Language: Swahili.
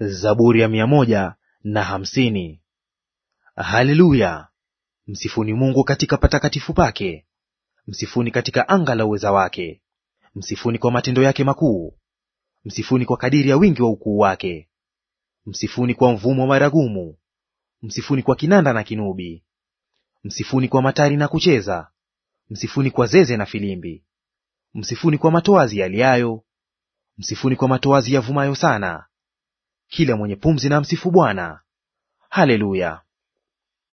Zaburi ya mia moja na hamsini. Haleluya! Msifuni Mungu katika patakatifu pake, msifuni katika anga la uweza wake. Msifuni kwa matendo yake makuu, msifuni kwa kadiri ya wingi wa ukuu wake. Msifuni kwa mvumo wa maragumu, msifuni kwa kinanda na kinubi, msifuni kwa matari na kucheza, msifuni kwa zeze na filimbi, msifuni kwa matoazi yaliayo, msifuni kwa matoazi yavumayo sana, kila mwenye pumzi na msifu Bwana. Haleluya!